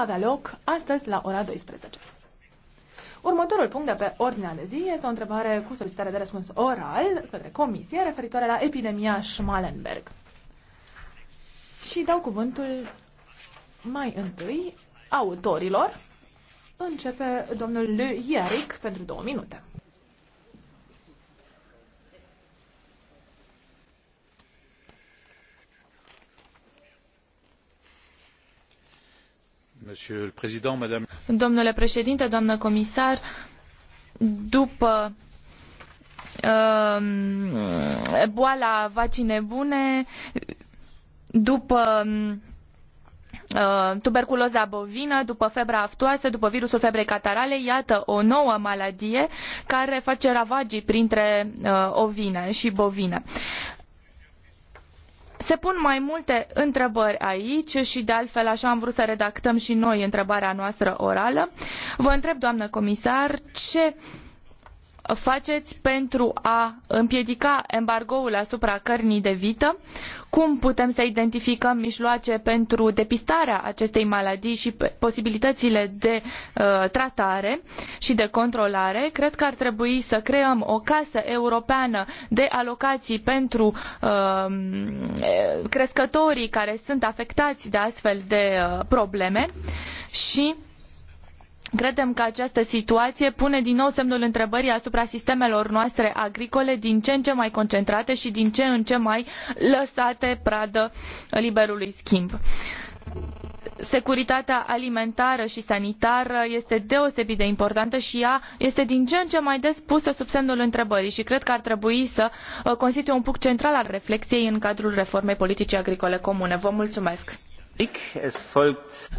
avea loc astăzi la ora 12. Următorul punct de pe ordinea de zi este o întrebare cu solicitare de răspuns oral către comisie referitoare la epidemia Schmallenberg. Și dau cuvântul mai întâi autorilor. Începe domnul Ieric pentru două minute. Domnule președinte, doamnă comisar, după um, boala vacii nebune, după um, uh, tuberculoza bovină, după febra aftoasă, după virusul febrei catarale, iată o nouă maladie care face ravagii printre uh, ovine și bovine. Se pun mai multe întrebări aici și de altfel așa am vrut să redactăm și noi întrebarea noastră orală. Vă întreb, doamnă comisar, ce facei pentru a împiedica embargoul asupra cărnii de vită? Cum putem să identificăm mijloace pentru depistarea acestei maladii și posibilitățile de uh, tratare și de controlare? Cred că ar trebui să creăm o casă europeană de alocații pentru uh, crescătorii care sunt afectați de astfel de uh, probleme și Credem că această situație pune din nou semnul întrebării asupra sistemelor noastre agricole din ce în ce mai concentrate și din ce în ce mai lăsate pradă liberului schimb securitatea alimentară și sanitară este deosebit de importantă și ea este din ce în ce mai des pusă sub semnul întrebării și cred că ar trebui să uh, constituie un punct central al reflexiei în cadrul reformei politicii agricole comune. Vă mulțumesc!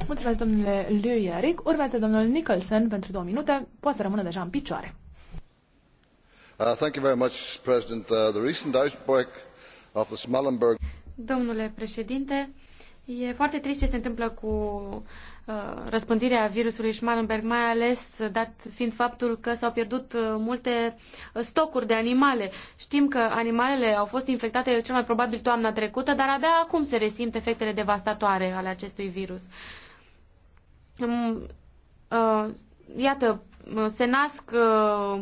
Mulțumesc, domnule Lieric. Urmează domnul Nicholson pentru două minute. Poate să deja în picioare. Uh, thank you very much, President. Uh, the recent Domnule președinte, E foarte trist ce se întâmplă cu uh, răspândirea virusului Schmallenberg, mai ales dat fiind faptul că s-au pierdut uh, multe uh, stocuri de animale. Știm că animalele au fost infectate cel mai probabil toamna trecută, dar abia acum se resimt efectele devastatoare ale acestui virus. Um, uh, iată, se nasc uh,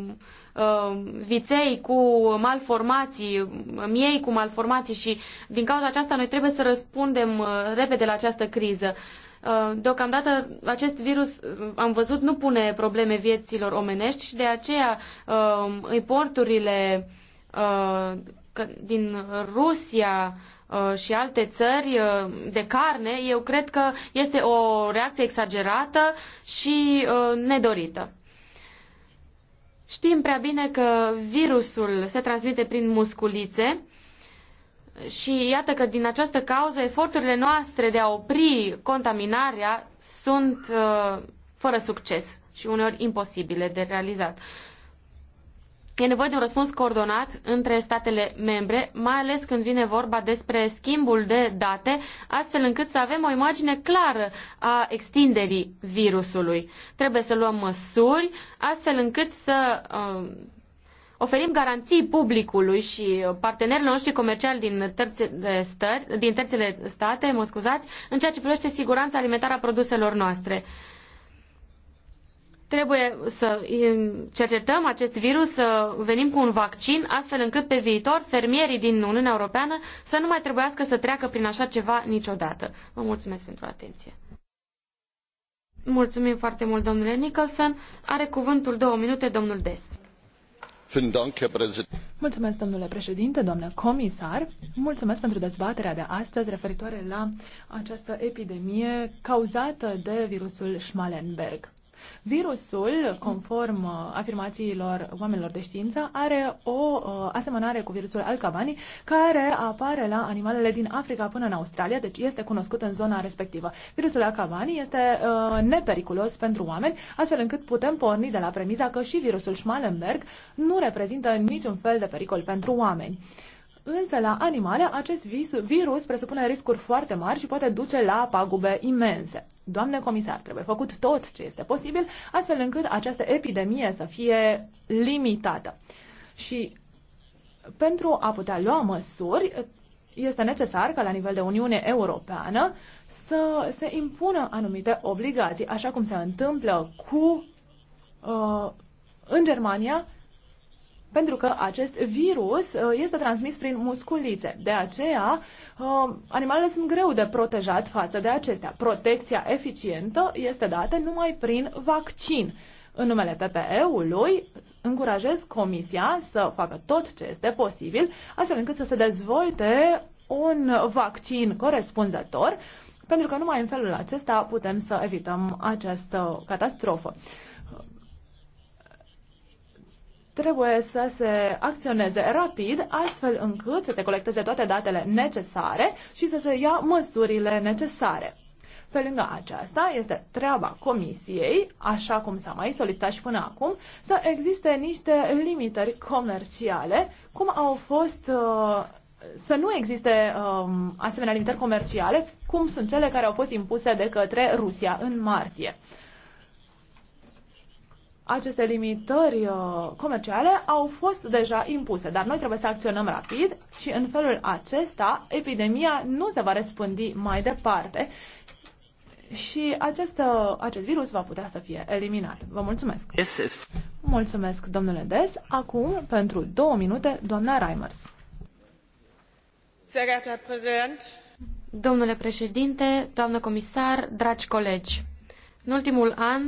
uh, viței cu malformații, miei cu malformații și din cauza aceasta noi trebuie să răspundem uh, repede la această criză. Deocamdată acest virus, am văzut, nu pune probleme vieților omenești și de aceea îi porturile din Rusia și alte țări de carne, eu cred că este o reacție exagerată și nedorită. Știm prea bine că virusul se transmite prin musculițe și iată că din această cauză eforturile noastre de a opri contaminarea sunt uh, fără succes și uneori imposibile de realizat. E nevoie de un răspuns coordonat între statele membre, mai ales când vine vorba despre schimbul de date, astfel încât să avem o imagine clară a extinderii virusului. Trebuie să luăm măsuri, astfel încât să uh, oferim garanții publicului și partenerilor noștri comerciali din terțele, stări, din terțele state, mă scuzați, în ceea ce privește siguranța alimentară a produselor noastre. Uh, Trebuie să cercetăm acest virus, să venim cu un vaccin, astfel încât pe viitor fermierii din Uniunea Europeană să nu mai trebuiască să treacă prin așa ceva niciodată. Vă mulțumesc pentru atenție. Mulțumim foarte mult, domnule Nicholson. Are cuvântul două minute, domnul Des. Mulțumesc, domnule președinte, domnule comisar. Mulțumesc pentru dezbaterea de astăzi referitoare la această epidemie cauzată de virusul Schmallenberg. Virusul, conform uh, afirmațiilor oamenilor de știință, are o uh, asemănare cu virusul Alcabani, care apare la animalele din Africa până în Australia, deci este cunoscut în zona respectivă. Virusul Alcabani este uh, nepericulos pentru oameni, astfel încât putem porni de la premiza că și virusul Schmallenberg nu reprezintă niciun fel de pericol pentru oameni. Însă, la animale, acest virus presupune riscuri foarte mari și poate duce la pagube imense. Doamne comisar, trebuie făcut tot ce este posibil, astfel încât această epidemie să fie limitată. Și pentru a putea lua măsuri, este necesar ca la nivel de Uniune Europeană să se impună anumite obligații, așa cum se întâmplă cu uh, în Germania pentru că acest virus uh, este transmis prin musculițe. De aceea, uh, animalele sunt greu de protejat față de acestea. Protecția eficientă este dată numai prin vaccin. În numele PPE-ului, încurajez Comisia să facă tot ce este posibil, astfel încât să se dezvolte un vaccin corespunzător, pentru că numai în felul acesta putem să evităm această catastrofă trebuie să se acționeze rapid, astfel încât să se colecteze toate datele necesare și să se ia măsurile necesare. Pe lângă aceasta, este treaba Comisiei, așa cum s-a mai solicitat și până acum, să existe niște limitări comerciale, cum au fost uh, să nu existe um, asemenea limitări comerciale, cum sunt cele care au fost impuse de către Rusia în martie aceste limitări uh, comerciale au fost deja impuse, dar noi trebuie să acționăm rapid și în felul acesta epidemia nu se va răspândi mai departe și acest, uh, acest virus va putea să fie eliminat. Vă mulțumesc! Mulțumesc, domnule Des. Acum, pentru două minute, doamna Reimers. Domnule președinte, doamnă comisar, dragi colegi, în ultimul an,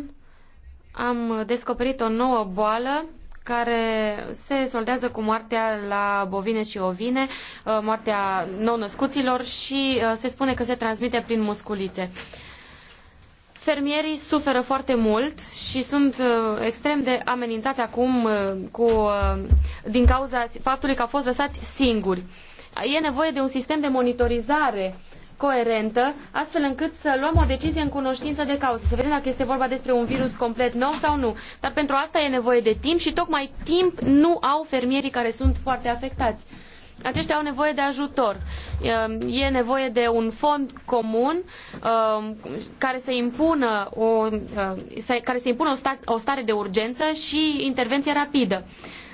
am descoperit o nouă boală care se soldează cu moartea la bovine și ovine, uh, moartea nou-născuților și uh, se spune că se transmite prin musculițe. Fermierii suferă foarte mult și sunt uh, extrem de amenințați acum cu, din cauza faptului că au fost lăsați singuri. E nevoie de un sistem de monitorizare uh, coerentă, astfel încât să luăm o decizie în cunoștință de cauză, să vedem dacă este vorba despre un virus complet nou sau nu. Dar pentru asta e nevoie de timp și tocmai timp nu au fermierii care sunt foarte afectați. Aceștia au nevoie de ajutor. Ehm, e nevoie de un fond comun ehm, care să impună o, ehm, care să impună o stare de urgență și intervenție rapidă.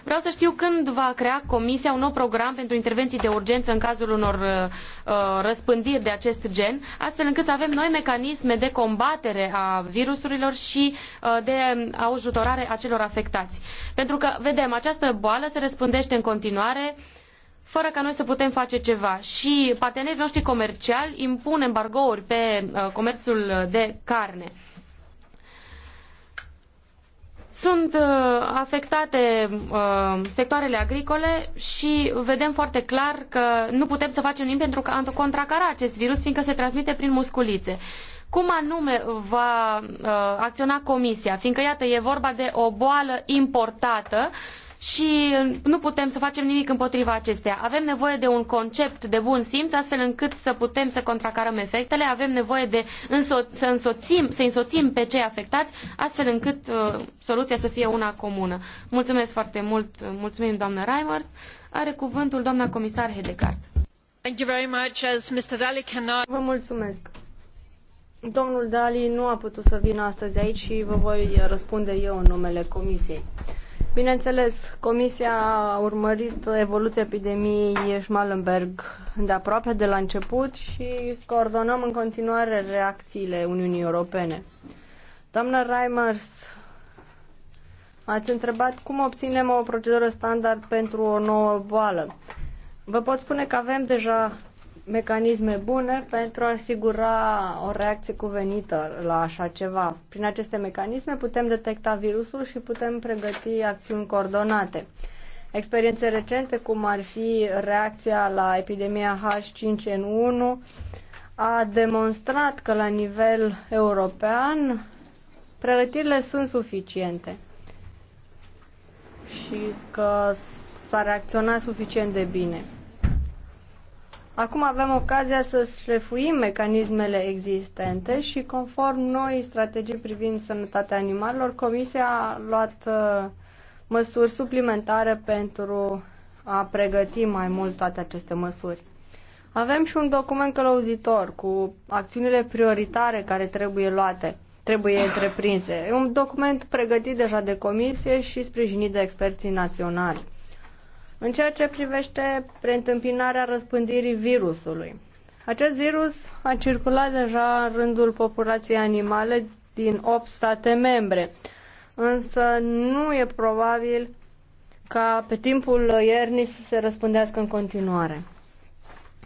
Vreau să știu când va crea Comisia un nou program pentru intervenții de urgență în cazul unor uh, uh, răspândiri de acest gen, astfel încât să avem noi mecanisme de combatere a virusurilor și uh, de ajutorare a celor afectați. Pentru că, vedem, această boală se răspândește în continuare fără ca noi să putem face ceva. Și partenerii noștri comerciali impun embargouri pe uh, comerțul de carne. Sunt uh, afectate uh, sectoarele agricole și vedem foarte clar că nu putem să facem nimic pentru a contracara acest virus, fiindcă se transmite prin musculițe. Cum anume va uh, acționa Comisia? Fiindcă, iată, e vorba de o boală importată uh, și uh, nu putem să facem nimic împotriva acesteia. Avem nevoie de un concept de bun simț, astfel încât să putem să contracarăm efectele, avem nevoie de înso- să, însoțim, să însoțim pe cei afectați, astfel încât uh, soluția să fie una comună. Mulțumesc foarte mult, uh, mulțumim doamna Reimers. Are cuvântul doamna comisar Hedegaard. Thank you very much, as Mr. cannot... Vă mulțumesc. Domnul Dali nu a putut să vină astăzi aici și vă voi răspunde eu în numele comisiei. Bineînțeles, Comisia a urmărit evoluția epidemiei Schmallenberg de aproape de la început și coordonăm în continuare reacțiile Uniunii Europene. Doamna Reimers, ați întrebat cum obținem o procedură standard pentru o nouă boală. Vă pot spune că avem deja mecanisme bune pentru a asigura o reacție cuvenită la așa ceva. Prin aceste mecanisme putem detecta virusul și putem pregăti acțiuni coordonate. Experiențe recente, cum ar fi reacția la epidemia H5N1, a demonstrat că la nivel european pregătirile sunt suficiente și că s-a reacționat suficient de bine. Acum avem ocazia să șlefuim mecanismele existente și conform noi strategii privind sănătatea animalelor, Comisia a luat uh, măsuri suplimentare pentru a pregăti mai mult toate aceste măsuri. Avem și un document călăuzitor cu acțiunile prioritare care trebuie luate, trebuie întreprinse. E un document pregătit deja de comisie și sprijinit de experții naționali. În ceea ce privește preîntâmpinarea răspândirii virusului. Acest virus a circulat deja în rândul populației animale din 8 state membre, însă nu e probabil ca pe timpul iernii să se răspândească în continuare.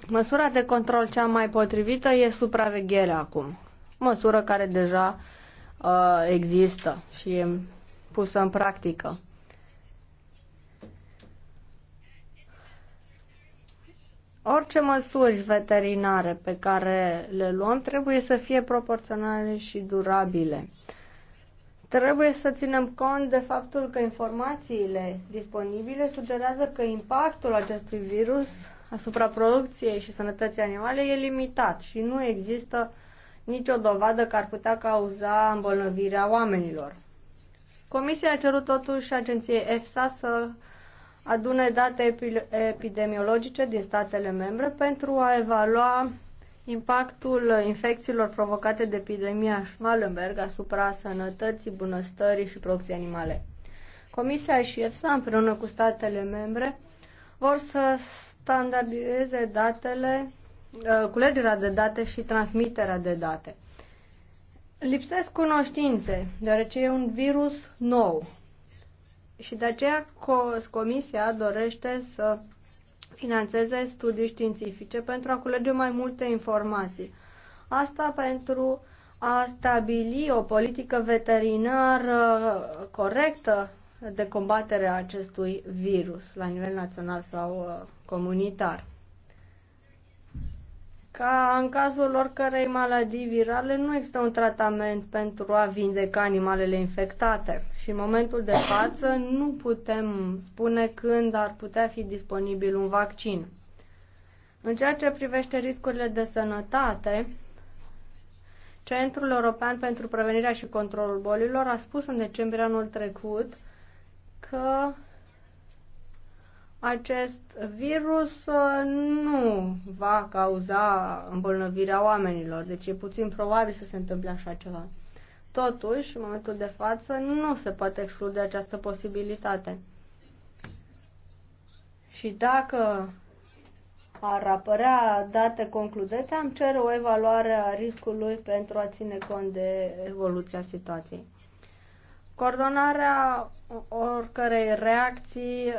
Măsura de control cea mai potrivită e supravegherea acum, măsură care deja uh, există și e pusă în practică. Orice măsuri veterinare pe care le luăm trebuie să fie proporționale și durabile. Trebuie să ținem cont de faptul că informațiile disponibile sugerează că impactul acestui virus asupra producției și sănătății animale e limitat și nu există nicio dovadă că ar putea cauza îmbolnăvirea oamenilor. Comisia a cerut totuși agenției EFSA să adune date epidemiologice din statele membre pentru a evalua impactul infecțiilor provocate de epidemia Schmallenberg asupra sănătății, bunăstării și producției animale. Comisia și EFSA, împreună cu statele membre, vor să standardizeze datele, uh, culegerea de date și transmiterea de date. Lipsesc cunoștințe, deoarece e un virus nou, și de aceea Comisia dorește să finanțeze studii științifice pentru a culege mai multe informații. Asta pentru a stabili o politică veterinară corectă de combatere a acestui virus la nivel național sau uh, comunitar ca în cazul oricărei maladii virale nu există un tratament pentru a vindeca animalele infectate și în momentul de față nu putem spune când ar putea fi disponibil un vaccin. În ceea ce privește riscurile de sănătate, Centrul European pentru Prevenirea și Controlul Bolilor a spus în decembrie anul trecut că acest virus uh, nu va cauza îmbolnăvirea oamenilor, deci e puțin probabil să se întâmple așa ceva. Totuși, în momentul de față, nu se poate exclude această posibilitate. Și dacă ar apărea date concludente, am cer o evaluare a riscului pentru a ține cont de evoluția situației. Coordonarea oricărei reacții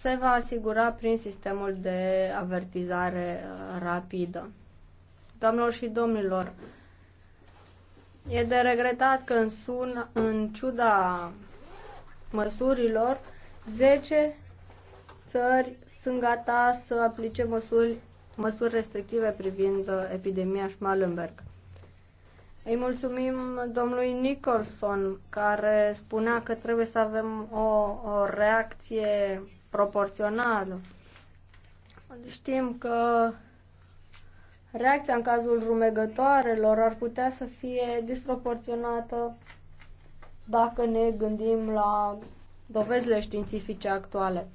se va asigura prin sistemul de avertizare uh, rapidă. Doamnelor și domnilor, e de regretat că în, sun, în ciuda măsurilor, 10 țări sunt gata să aplice măsuri, măsuri restrictive privind uh, epidemia Schmallenberg. Îi mulțumim domnului Nicholson, care spunea că trebuie să avem o, o reacție proporțională. Știm că reacția în cazul rumegătoarelor ar putea să fie disproporționată dacă ne gândim la dovezile științifice actuale.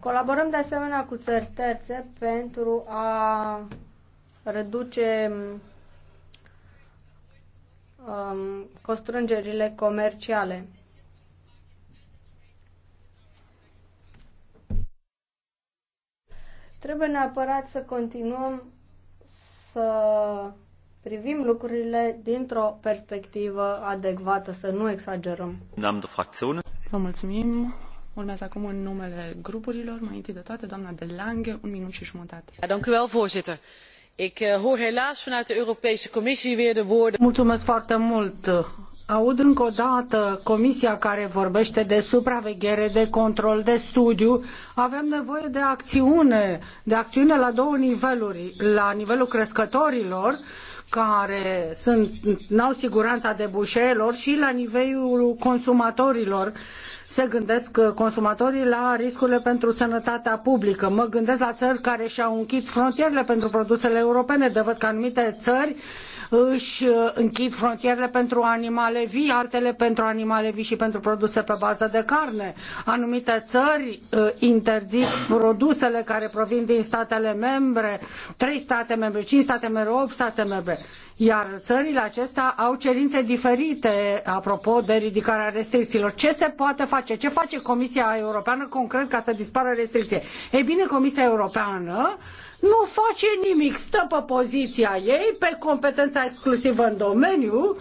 Colaborăm de asemenea cu țări terțe pentru a reduce um, constrângerile comerciale. Trebuie neapărat să continuăm să privim lucrurile dintr-o perspectivă adecvată, să nu exagerăm. Vă mulțumim. Urmează acum în numele grupurilor, mai întâi de toate, doamna de Lange, un minut și jumătate. dank u wel, voorzitter. Ik eh, hoor helaas vanuit de Europese Commissie weer de woorden. Mulțumesc foarte mult, Aud încă o dată comisia care vorbește de supraveghere, de control, de studiu. Avem nevoie de acțiune, de acțiune la două niveluri. La nivelul crescătorilor, care sunt, n-au siguranța debușeelor și la nivelul consumatorilor. Se gândesc consumatorii la riscurile pentru sănătatea publică. Mă gândesc la țări care și-au închis frontierele pentru produsele europene, de văd că anumite țări își uh, închid frontierele pentru animale vii, altele pentru animale vii și pentru produse pe bază de carne. Anumite țări uh, interzic produsele care provin din statele membre, trei state membre, cinci state membre, opt state membre. Iar țările acestea au cerințe diferite apropo de ridicarea restricțiilor. Ce se poate face? Ce face Comisia Europeană concret ca să dispară restricție? Ei bine, Comisia Europeană nu face nimic, stă pe poziția ei, pe competența exclusivă în domeniu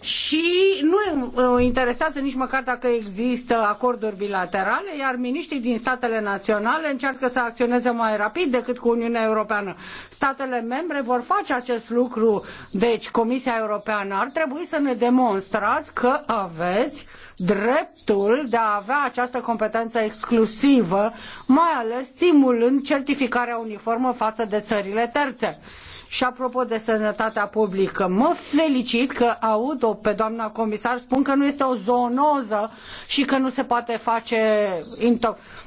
și nu uh, interesează nici măcar dacă există acorduri bilaterale, iar miniștrii din statele naționale încearcă să acționeze mai rapid decât cu Uniunea Europeană. Statele membre vor face acest lucru, deci Comisia Europeană ar trebui să ne demonstrați că aveți dreptul de a avea această competență exclusivă, mai ales stimulând certificarea uniformă față de țările terțe. Și apropo de sănătatea publică, mă felicit că aud -o pe doamna comisar spun că nu este o zoonoză și că nu se poate face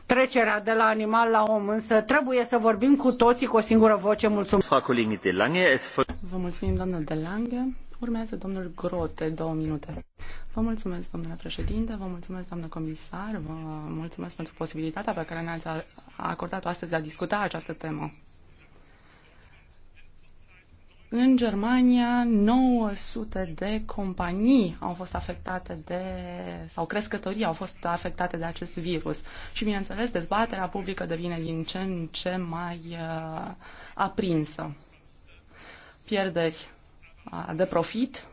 trecerea de la animal la om, însă trebuie să vorbim cu toții cu o singură voce. Mulțumesc! Vă mulțumim, doamna de Lange. Urmează domnul Grote, două minute. Vă mulțumesc, domnule președinte, vă mulțumesc, doamnă comisar, vă mulțumesc pentru posibilitatea pe care ne-ați acordat-o astăzi de a discuta această temă. În Germania, 900 de companii au fost afectate de, sau crescătorii au fost afectate de acest virus. Și, bineînțeles, dezbaterea publică devine din ce în ce mai uh, aprinsă. Pierderi uh, de profit,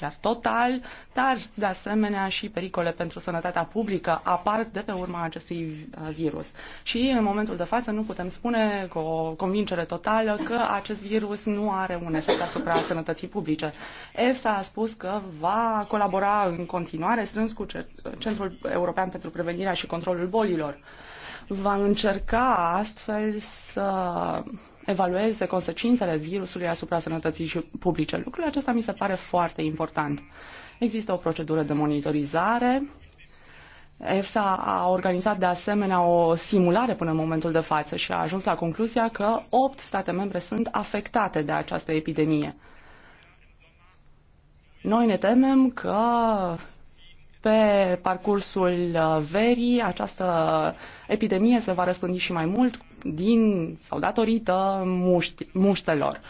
chiar total, dar de asemenea și pericole pentru sănătatea publică apar de pe urma acestui uh, virus. Și în momentul de față nu putem spune cu o convingere totală că acest virus nu are un efect asupra sănătății publice. EFSA a spus că va colabora în continuare strâns cu Centrul European pentru Prevenirea și Controlul Bolilor. Va încerca astfel să evalueze consecințele virusului asupra sănătății publice. Lucrul acesta mi se pare foarte important. Există o procedură de monitorizare. EFSA a organizat de asemenea o simulare până în momentul de față și a ajuns la concluzia că opt state membre sunt afectate de această epidemie. Noi ne temem că pe parcursul uh, verii această epidemie se va răspândi și mai mult din sau datorită muști, muștelor.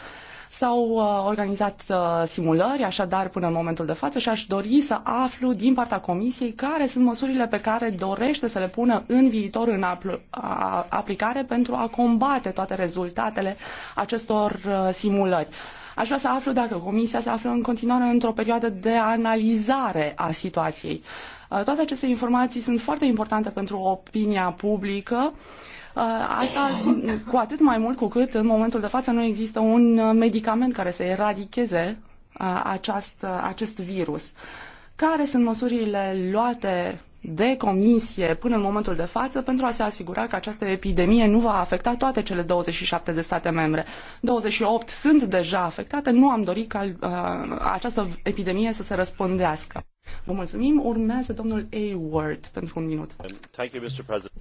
S-au uh, organizat uh, simulări, așadar, până în momentul de față și aș dori să aflu din partea Comisiei care sunt măsurile pe care dorește să le pună în viitor în apl- a, aplicare pentru a combate toate rezultatele acestor simulări. Aș vrea să aflu dacă Comisia se află în continuare într-o perioadă de analizare a situației. Uh, toate aceste informații sunt foarte importante pentru opinia publică. Uh, asta cu atât mai mult cu cât în momentul de față nu există un medicament care să eradicheze uh, acest virus. Care sunt măsurile luate de comisie până în momentul de față pentru a se asigura că această epidemie nu va afecta toate cele 27 de state membre. 28 sunt deja afectate, nu am dorit ca uh, această epidemie să se răspândească. Vă mulțumim. Urmează domnul Ward pentru un minut.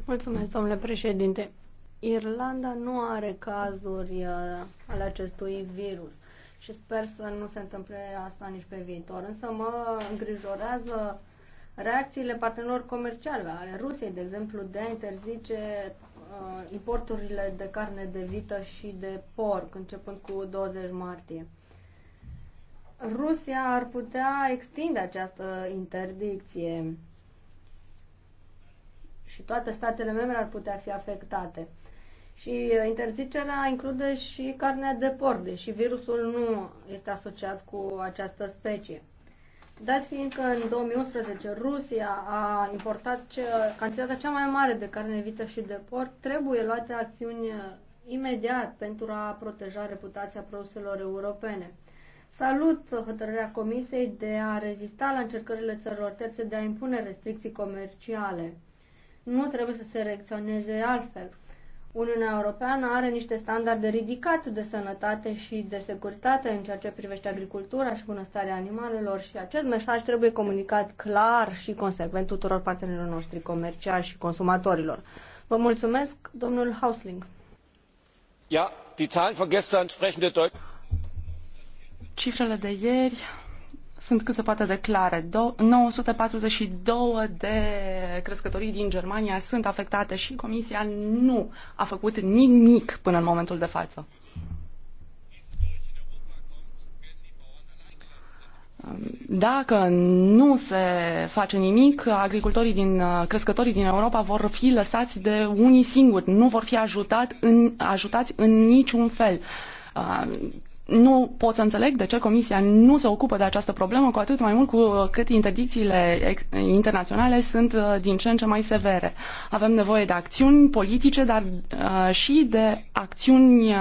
Mulțumesc, domnule președinte. Irlanda nu are cazuri uh, ale acestui virus și sper să nu se întâmple asta nici pe viitor. Însă mă îngrijorează reacțiile partenerilor comerciale ale Rusiei, de exemplu, de a interzice uh, importurile de carne de vită și de porc, începând cu 20 martie. Rusia ar putea extinde această interdicție și toate statele membre ar putea fi afectate. Și uh, interzicerea include și carnea de porc, deși virusul nu este asociat cu această specie. Dați fiind că în 2011 Rusia a importat ce, cantitatea cea mai mare de carne vită și de porc, trebuie luate acțiuni uh, imediat pentru a proteja reputația produselor europene. Salut hotărârea Comisiei de a rezista la încercările țărilor terțe de a impune restricții comerciale. Nu trebuie să se reacționeze altfel. Uniunea Europeană are niște standarde ridicate de sănătate și de securitate în ceea ce privește agricultura și bunăstarea animalelor și acest mesaj trebuie comunicat clar și consecvent tuturor partenerilor noștri comerciali și consumatorilor. Vă mulțumesc, domnul Hausling. Ja, die Zahlen von gestern sprechen de Cifrele de ieri sunt cât se poate de clare. 942 de crescătorii din Germania sunt afectate și Comisia nu a făcut nimic până în momentul de față. Dacă nu se face nimic, agricultorii din, crescătorii din Europa vor fi lăsați de unii singuri, nu vor fi ajutat în, ajutați în niciun fel nu pot să înțeleg de ce Comisia nu se ocupă de această problemă, cu atât mai mult cu uh, cât interdicțiile internaționale sunt uh, din ce în ce mai severe. Avem nevoie de acțiuni politice, dar uh, și de acțiuni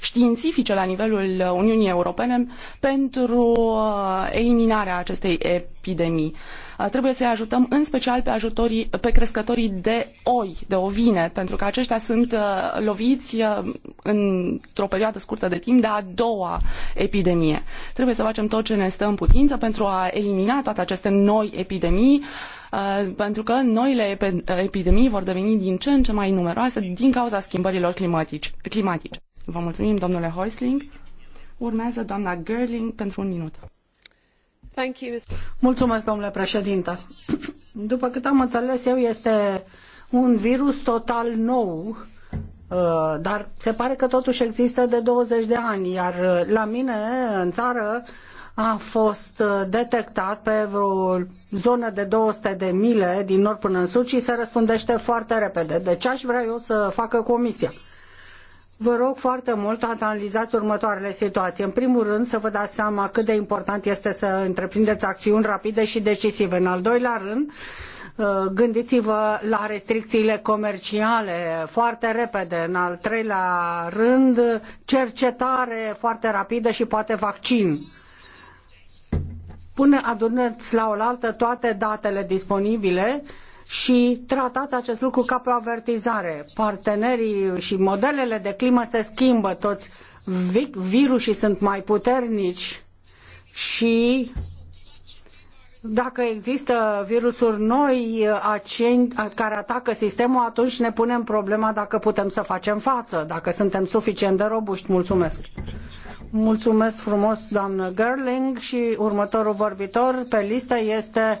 științifice la nivelul Uniunii Europene pentru eliminarea acestei epidemii. Trebuie să-i ajutăm în special pe, ajutorii, pe crescătorii de oi, de ovine, pentru că aceștia sunt loviți într-o perioadă scurtă de timp de a doua epidemie. Trebuie să facem tot ce ne stă în putință pentru a elimina toate aceste noi epidemii, pentru că noile epidemii vor deveni din ce în ce mai numeroase din cauza schimbărilor climatice. Vă mulțumim, domnule Heusling. Urmează doamna Gerling pentru un minut. Mulțumesc, domnule președinte. După cât am înțeles eu, este un virus total nou, uh, dar se pare că totuși există de 20 de ani, iar uh, la mine, în țară, a fost uh, detectat pe o zonă de 200 de mile din nord până în sud și se răspundește foarte repede. Deci aș vrea eu să facă comisia. Vă rog foarte mult, analizați următoarele situații. În primul rând, să vă dați seama cât de important este să întreprindeți acțiuni rapide și decisive. În al doilea rând, uh, gândiți-vă la restricțiile comerciale foarte repede. În al treilea rând, cercetare foarte rapidă și poate vaccin. Pune, adunăți la oaltă toate datele disponibile și tratați acest lucru ca pe o avertizare. Partenerii și modelele de climă se schimbă toți, virusii sunt mai puternici și dacă există virusuri noi uh, uh, care atacă sistemul, atunci ne punem problema dacă putem să facem față, dacă suntem suficient de robuști. Mulțumesc! Mulțumesc frumos, doamnă Gerling, și următorul vorbitor pe listă este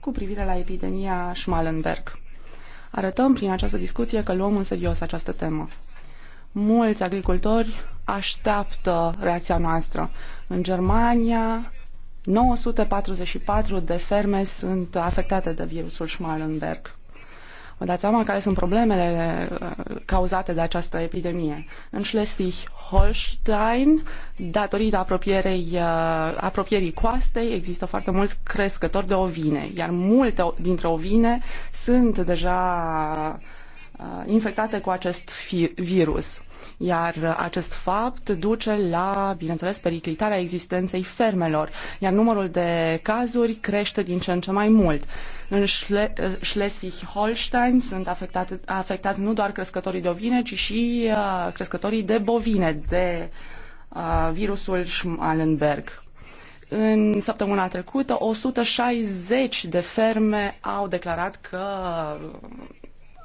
cu privire la epidemia Schmallenberg. Arătăm prin această discuție că luăm în serios această temă. Mulți agricultori așteaptă reacția noastră. În Germania, 944 de ferme sunt afectate de virusul Schmallenberg. Vă dați seama care sunt problemele uh, cauzate de această epidemie. În Schleswig-Holstein, datorită apropierei, uh, apropierii coastei, există foarte mulți crescători de ovine, iar multe dintre ovine sunt deja uh, infectate cu acest virus. Iar acest fapt duce la, bineînțeles, periclitarea existenței fermelor, iar numărul de cazuri crește din ce în ce mai mult. În Schleswig-Holstein sunt afectate, afectați nu doar crescătorii de ovine, ci și uh, crescătorii de bovine de uh, virusul Schmallenberg. În săptămâna trecută, 160 de ferme au declarat că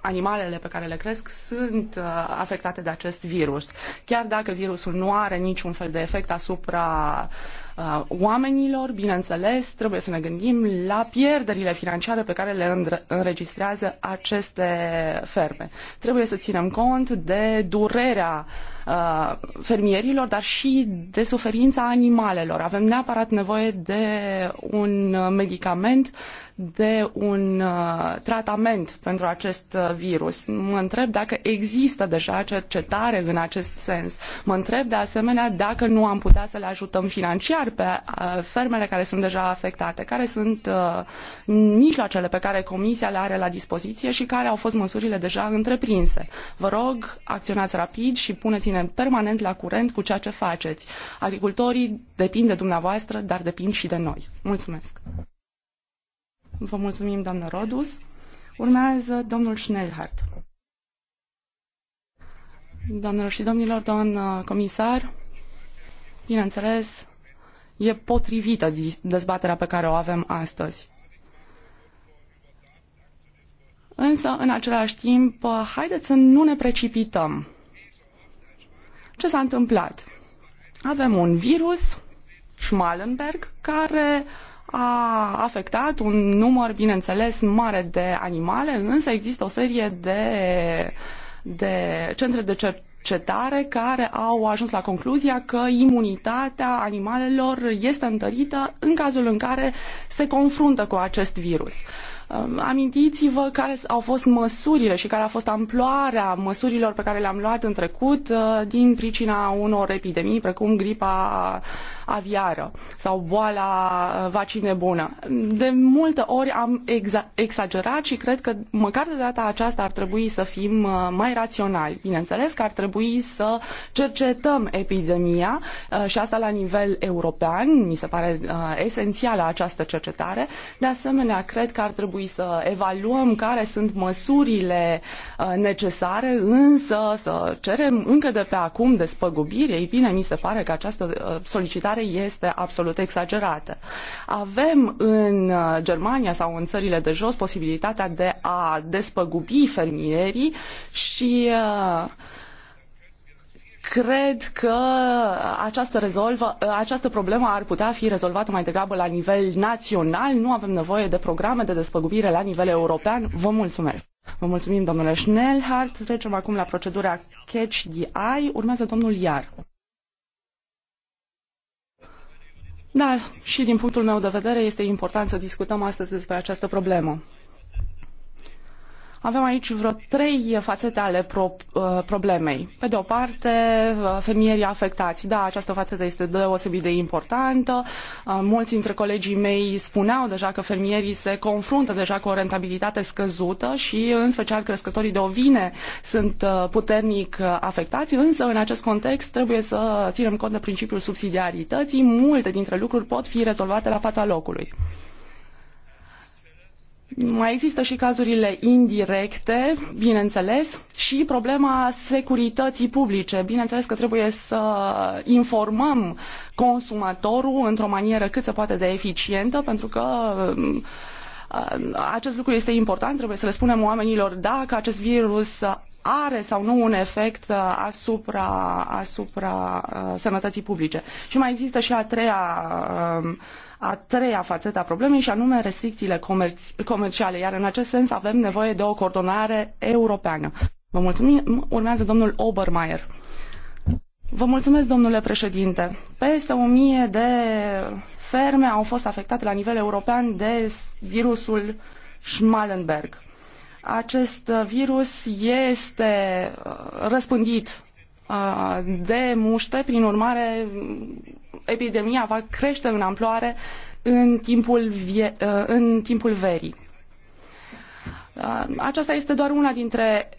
animalele pe care le cresc sunt uh, afectate de acest virus. Chiar dacă virusul nu are niciun fel de efect asupra uh, Uh, oamenilor, bineînțeles, trebuie să ne gândim la pierderile financiare pe care le înregistrează aceste ferme. Trebuie să ținem cont de durerea uh, Uh, fermierilor, dar și de suferința animalelor. Avem neapărat nevoie de un medicament, de un uh, tratament pentru acest uh, virus. Mă întreb dacă există deja cercetare în acest sens. Mă întreb de asemenea dacă nu am putea să le ajutăm financiar pe fermele care sunt deja afectate, care sunt mijloacele pe care Comisia le are la dispoziție și care au fost măsurile deja întreprinse. Vă rog, acționați rapid și puneți în ținem permanent la curent cu ceea ce faceți. Agricultorii depind de dumneavoastră, dar depind și de noi. Mulțumesc! Vă mulțumim, doamnă Rodus. Urmează domnul Schnellhardt. Doamnelor și domnilor, doamnă comisar, bineînțeles, e potrivită dezbaterea pe care o avem astăzi. Însă, în același timp, haideți să nu ne precipităm. Ce s-a întâmplat? Avem un virus, Schmallenberg, care a afectat un număr, bineînțeles, mare de animale, însă există o serie de, de centre de cercetare care au ajuns la concluzia că imunitatea animalelor este întărită în cazul în care se confruntă cu acest virus. Um, amintiți-vă care au fost măsurile și care a fost amploarea măsurilor pe care le-am luat în trecut uh, din pricina unor epidemii precum gripa aviară sau boala uh, vaccine bună. De multe ori am exagerat și cred că măcar de data aceasta ar trebui să fim uh, mai raționali. Bineînțeles că ar trebui să cercetăm epidemia uh, și asta la nivel european. Mi se pare esențială această cercetare. De asemenea, cred că ar trebui să evaluăm care sunt măsurile necesare, însă să cerem încă de pe acum despăgubiri. Ei bine, mi se pare că această solicitare care este absolut exagerată. Avem în uh, Germania sau în țările de jos posibilitatea de a despăgubi fermierii și uh, cred că această, rezolvă, uh, această problemă ar putea fi rezolvată mai degrabă la nivel național. Nu avem nevoie de programe de despăgubire la nivel european. Vă mulțumesc! Vă mulțumim, domnule Schnellhardt. Trecem acum la procedura Catch the Eye. Urmează domnul Iar. Da, și din punctul meu de vedere este important să discutăm astăzi despre această problemă. Avem aici vreo trei fațete ale pro, uh, problemei. Pe de o parte, uh, fermierii afectați. Da, această fațetă este deosebit de importantă. Uh, mulți dintre colegii mei spuneau deja că fermierii se confruntă deja cu o rentabilitate scăzută și, în special, crescătorii de ovine sunt uh, puternic uh, afectați, însă, în acest context, trebuie să ținem cont de principiul subsidiarității. Multe dintre lucruri pot fi rezolvate la fața locului. Mai există și cazurile indirecte, bineînțeles, și problema securității publice. Bineînțeles că trebuie să informăm consumatorul într-o manieră cât se poate de eficientă, pentru că uh, acest lucru este important, trebuie să le spunem oamenilor dacă acest virus are sau nu un efect uh, asupra, asupra uh, sănătății publice. Și mai există și a treia um, a treia fațetă a problemei și anume restricțiile comerciale, iar în acest sens avem nevoie de o coordonare europeană. Vă mulțumim. Urmează domnul Obermeier. Vă mulțumesc, domnule președinte. Peste o mie de ferme au fost afectate la nivel european de virusul Schmallenberg. Acest uh, virus este uh, răspândit uh, de muște, prin urmare epidemia va crește în amploare în timpul, în timpul verii. Aceasta este doar una dintre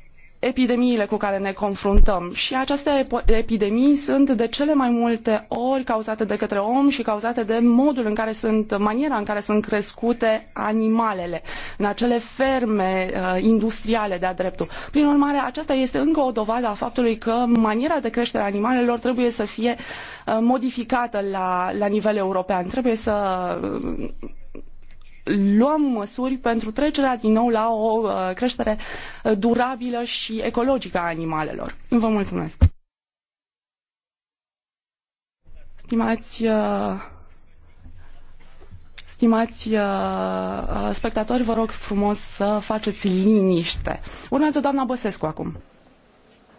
epidemiile cu care ne confruntăm și aceste epidemii sunt de cele mai multe ori cauzate de către om și cauzate de modul în care sunt, maniera în care sunt crescute animalele, în acele ferme uh, industriale de-a dreptul. Prin urmare, aceasta este încă o dovadă a faptului că maniera de creștere a animalelor trebuie să fie uh, modificată la, la nivel european. Trebuie să uh, luăm măsuri pentru trecerea din nou la o uh, creștere uh, durabilă și ecologică a animalelor. Vă mulțumesc! Stimați uh, Stimați spectatori, vă rog frumos să faceți liniște. Urmează doamna Băsescu acum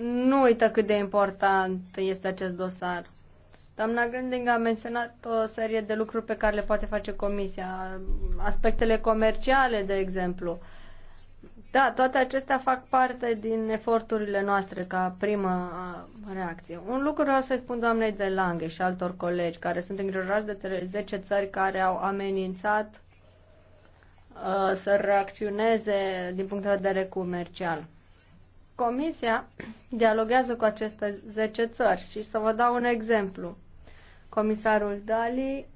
nu uită cât de important este acest dosar. Doamna Gânding a menționat o serie de lucruri pe care le poate face Comisia, aspectele comerciale, de exemplu. Da, toate acestea fac parte din eforturile noastre ca primă reacție. Un lucru vreau să-i spun doamnei de Lange și altor colegi care sunt îngrijorați de 10 țări care au amenințat uh, să reacționeze din punct de vedere comercial. Comisia dialoguează cu aceste 10 țări și să vă dau un exemplu. Comisarul Dali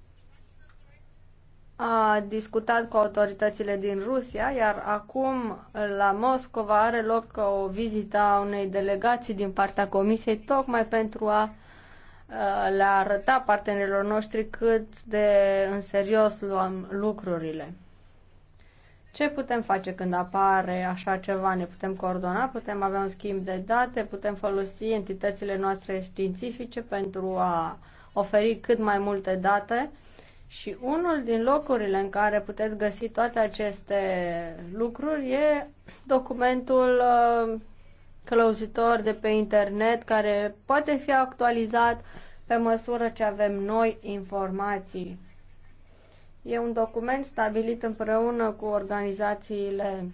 a discutat cu autoritățile din Rusia, iar acum la Moscova are loc o vizită a unei delegații din partea Comisiei tocmai pentru a uh, le arăta partenerilor noștri cât de în serios luăm lucrurile. Ce putem face când apare așa ceva? Ne putem coordona, putem avea un schimb de date, putem folosi entitățile noastre științifice pentru a oferi cât mai multe date. Și unul din locurile în care puteți găsi toate aceste lucruri e documentul uh, clăuzitor de pe internet care poate fi actualizat pe măsură ce avem noi informații E un document stabilit împreună cu organizațiile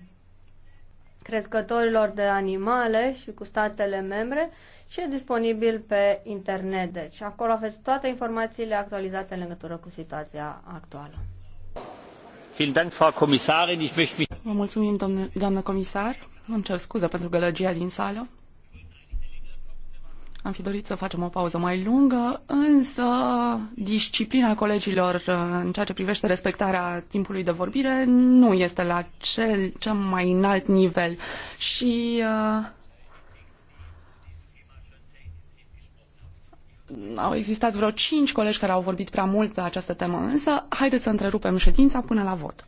crescătorilor de animale și cu statele membre și e disponibil pe internet. Deci acolo aveți toate informațiile actualizate în legătură cu situația actuală. Vă mulțumim, doamnă comisar. Îmi cer scuze pentru gălăgia din sală. Am fi dorit să facem o pauză mai lungă, însă disciplina colegilor uh, în ceea ce privește respectarea timpului de vorbire nu este la cel, cel mai înalt nivel și uh, au existat vreo cinci colegi care au vorbit prea mult pe această temă, însă haideți să întrerupem ședința până la vot.